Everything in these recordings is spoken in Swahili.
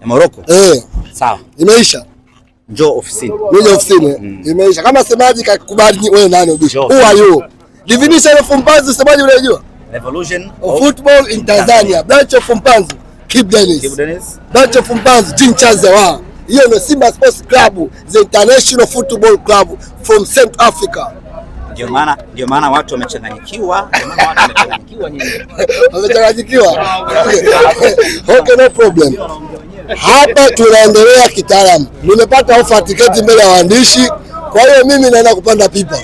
ya Morocco eh, sawa, imeisha. Njoo ofisini, nije ofisini mm. Imeisha. Kama semaji kakubali, wewe nani ubisho? Who are you? Definition of Mpanzu semaji unajua? Revolution of football in Tanzania. Branch of Mpanzu, Kibu Denis. Branch of Mpanzu, Team Charles wa. Hiyo ndio Simba Sports Club, the international football club from South Africa. Ndio maana ndio maana watu wamechanganyikiwa, wamechanganyikiwa. Okay, no problem. Hapa tunaendelea kitaalamu. Nimepata ofa tiketi mbele ya waandishi, kwa hiyo mimi naenda kupanda pipa,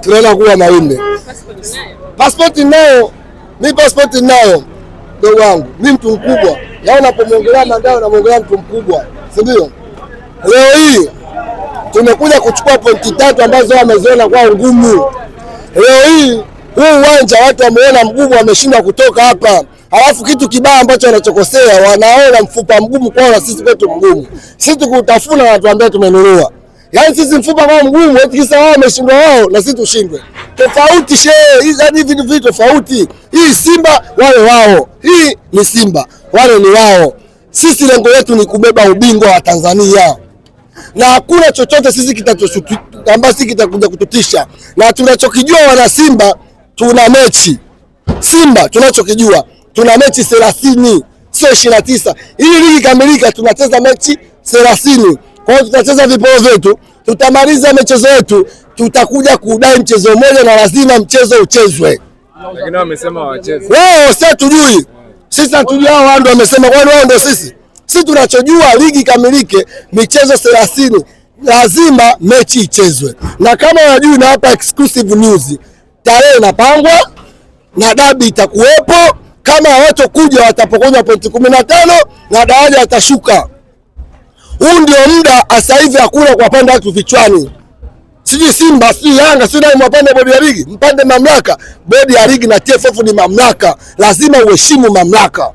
tunaenda kuwa mawimbe. Pasipoti nayo mi pasipoti nayo, dogo wangu mi mtu mkubwa, yaani napomwongelea Mandao namwongelea mtu mkubwa, si ndio? Leo hii tumekuja kuchukua pointi tatu ambazo wameziona kwa ngumu. Leo hii huu uwanja watu wameona mgumu, wameshindwa kutoka hapa. Alafu kitu kibaya ambacho wanachokosea wanaona mfupa mgumu kwao na sisi kwetu mgumu, sisi tukutafuna wanatuambia tumenunua. Yaani sisi mfupa wao mgumu, eti kisa wao wameshindwa wao na sisi tushindwe. Tofauti she, hizi yaani hadi vitu vitu tofauti. Hii Simba wale wao. Hii ni Simba, wale ni wao. Sisi lengo letu ni kubeba ubingwa wa Tanzania na hakuna chochote sisi sisi kitakuja kututisha, na tunachokijua wana Simba, tuna mechi Simba, tunachokijua tuna mechi 30 sio 29. Hii ligi kamilika, tunacheza mechi 30. Kwa hiyo tutacheza vipoo vyetu, tutamaliza michezo yetu, tutakuja kudai mchezo mmoja, na lazima mchezo uchezwe. Lakini wamesema wacheze Wao si tujui sisi, hatujui hao. Wao ndio wamesema, kwani wao ndio sisi si tunachojua ligi kamilike michezo 30 lazima mechi ichezwe, na kama unajui, na hapa exclusive news, tarehe inapangwa na dabi itakuwepo. Kama hawatokuja watapokonywa pointi kumi na tano na daraja atashuka Huu ndio muda sasa hivi, hakuna kuwapanda watu vichwani, sijui Simba sijui Yanga sijui nani, mwapande bodi ya ligi, mpande mamlaka. Bodi ya ligi na TFF ni mamlaka, lazima uheshimu mamlaka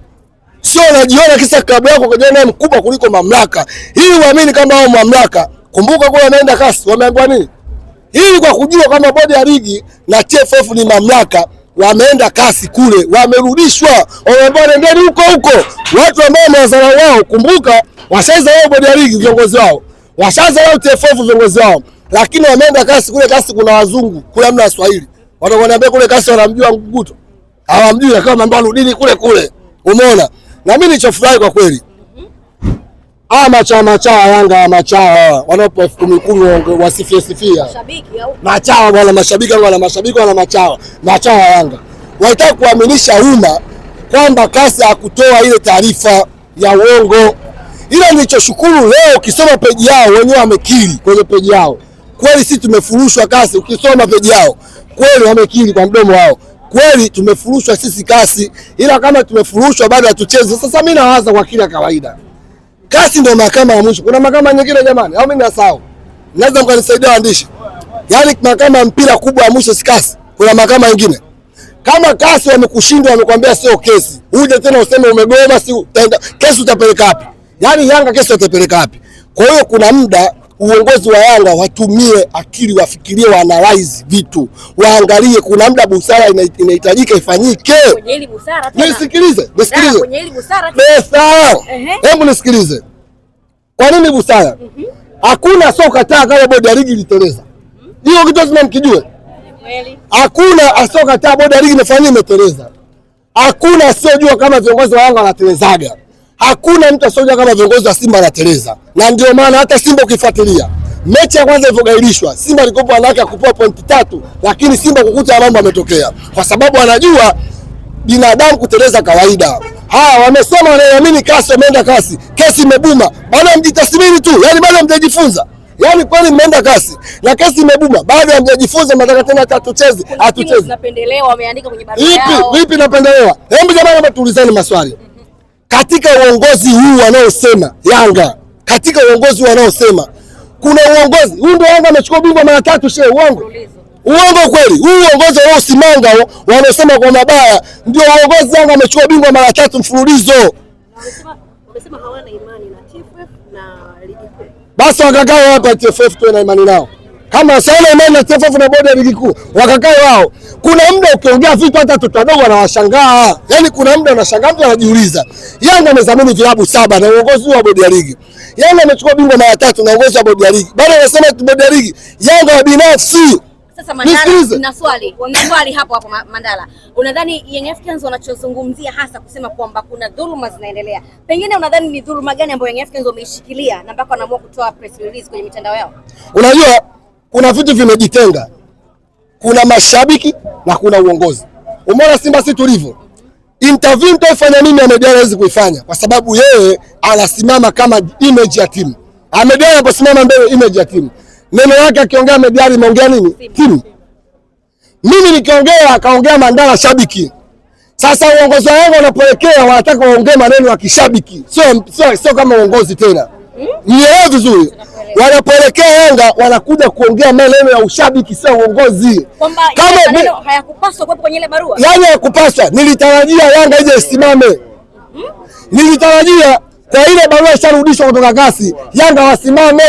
sio unajiona kisa klabu yako kajiona naye mkubwa kuliko mamlaka hii. Uamini kama hao mamlaka, kumbuka kule wanaenda kasi, wameambiwa nini hii, kwa kujua kama bodi ya ligi na TFF ni mamlaka, wameenda kasi kule, wamerudishwa, wameambiwa nendeni huko huko. Watu ambao wamewazarau wao, kumbuka washaza wao bodi ya ligi viongozi wao, washaza wao TFF viongozi wao, lakini wameenda kasi kule. Kasi kuna wazungu kule, hamna Waswahili. wanaambia kule kasi wanamjua Nguguto, hawamjui, akawa mambo rudini kule kule, umeona na mimi nilichofurahi kwa kweli hawa machawa machawa Yanga machawa wanaopa elfu kumi kumi wasifie sifia machawa bwana, mashabiki wangu wana mashabiki wana machawa machawa Yanga wanataka kuaminisha umma kwamba kasi ya kutoa ile taarifa ya uongo. Ila nilichoshukuru leo, ukisoma peji yao wenyewe wamekiri kwenye peji yao, kweli sisi tumefurushwa kasi. Ukisoma peji yao kweli wamekiri kwa mdomo wao kweli tumefurushwa sisi kasi, ila kama tumefurushwa bado hatuchezi. Sasa mimi nawaza kwa kila kawaida, kasi ndio mahakama ya mwisho. Kuna mahakama nyingine jamani, au mimi nasahau? Naweza mkanisaidia waandishi, yaani mahakama ya mpira kubwa ya mwisho si kasi? Kuna mahakama nyingine kama kasi wamekushindwa, wamekwambia sio kesi, uje tena useme umegoma, si kesi utapeleka wapi? Yaani Yanga kesi utapeleka wapi? Kwa hiyo kuna muda uongozi wa Yanga watumie akili, wafikirie, wa analyze vitu, waangalie. Kuna muda busara inahitajika ifanyike. Nisikilize, nisikilize, hebu nisikilize. Kwa nini busara? Mhm. Hakuna asokataa kama bodi ya ligi iliteleza mhm. hiyo kitu, lazima mkijue. Hakuna asokataa bodi ya ligi imefanyia imeteleza. Hakuna asiojua kama viongozi wa Yanga wanatelezaga Hakuna mtu asoja kama viongozi wa Simba anateleza, na ndio maana hata Simba ukifuatilia mechi ya kwanza ilivyogairishwa, Simba alikopo anawake akupewa pointi tatu, lakini Simba kukuta mambo ametokea, kwa sababu anajua binadamu kuteleza kawaida. Haya, wamesoma wanaamini kasi, wameenda kasi, kesi imebuma bado, mjitasimini tu, yani bado mtajifunza Yaani kweli mmeenda kasi na kesi imebuma, baada ya mjajifunza mnataka tena hata tucheze, atucheze. Tunapendelewa wameandika kwenye barua yao. Vipi vipi napendelewa? Hebu jamani, hapa tuulizane maswali katika uongozi huu wanaosema Yanga, katika uongozi wanaosema kuna uongozi huu, ndio Yanga amechukua ubingwa mara tatu. Shehe, uongo uongo kweli? Huu uongozi wanaosimanga wanaosema kwa mabaya ndio uongozi. Yanga amechukua ubingwa mara tatu mfululizo, basi wakakaa hapa TFF, tuwe na imani nao kama sana imani na TFF na bodi ya ligi kuu wakakae wao. Kuna muda ukiongea vitu hata watoto wadogo wanawashangaa, yaani kuna muda unashangaa, mtu anajiuliza. Yanga amezamini vilabu saba na uongozi wa bodi ya ligi. Yanga amechukua bingwa mara tatu na uongozi wa bodi ya ligi, bado anasema tu bodi ya ligi Yanga wa binafsi. Sasa Mandala, na swali swali hapo hapo Mandala, unadhani Young Africans wanachozungumzia hasa kusema kwamba kuna dhuluma zinaendelea, pengine unadhani ni dhuluma gani ambayo Young Africans wameishikilia na mpaka wanaamua kutoa press release kwenye mitandao yao? Unajua kuna vitu vimejitenga, kuna mashabiki na kuna uongozi. Umeona Simba si tulivyo. Interview mtaifanya nini? Ahmed hawezi kuifanya kwa sababu yeye anasimama kama image ya timu. Ahmed anaposimama mbele, image ya timu, neno yake akiongea, Ahmed Ally imeongea nini? Timu. Mimi nikiongea, akaongea Mandala shabiki. Sasa uongozi wangu unapoelekea, wanataka waongee maneno ya kishabiki, sio sio kama uongozi tena. mm? Nielewe vizuri wanapoelekea Yanga wanakuja kuongea maneno ya ushabiki, sio uongozi. Yani hayakupaswa. Nilitarajia Yanga ije isimame, hmm? nilitarajia kwa ile barua isharudishwa kutoka kasi, Yanga wasimame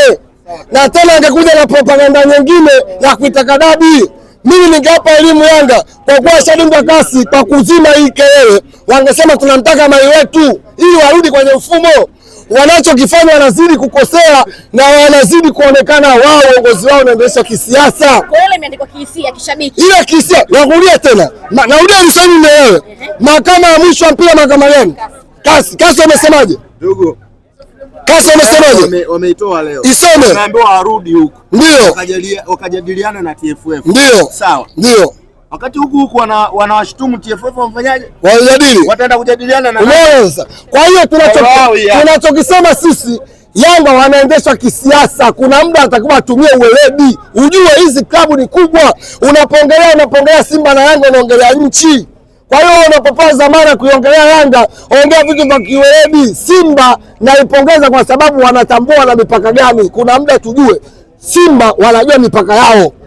na tena angekuja na propaganda nyingine ya kuitaka dabi. Mimi ningewapa elimu Yanga kwa kuwa shadunga kasi kwa kuzima hii kelele, wangesema tunamtaka mai wetu ili warudi kwenye mfumo wanachokifanya wanazidi kukosea na wanazidi kuonekana wao uongozi wao unaendeshwa kisiasa. Ile kihisia, nakurudia tena, narudia nisemi melewe. Mahakama ya mwisho ya mpira mahakama gani? Kasi, kasi wamesemaje? Ndugu kasi wamesemaje? Wameitoa leo isome, warudi huko, ndio wakajadiliana na TFF, ndio sawa, ndio Wakati huku huku wanawashutumu TFF wafanyaje? Wajadili. Wataenda kujadiliana na nani? Kwa hiyo tunachokisema sisi Yanga wanaendeshwa kisiasa. Kuna muda atakiwa atumie uweledi, ujue hizi klabu ni kubwa. unapongelea unapongelea Simba na Yanga unaongelea nchi. Kwa hiyo unapopewa zamana kuiongelea Yanga, ongea vitu vya kiweledi. Simba naipongeza kwa sababu wanatambua na mipaka gani. Kuna muda tujue Simba wanajua mipaka yao.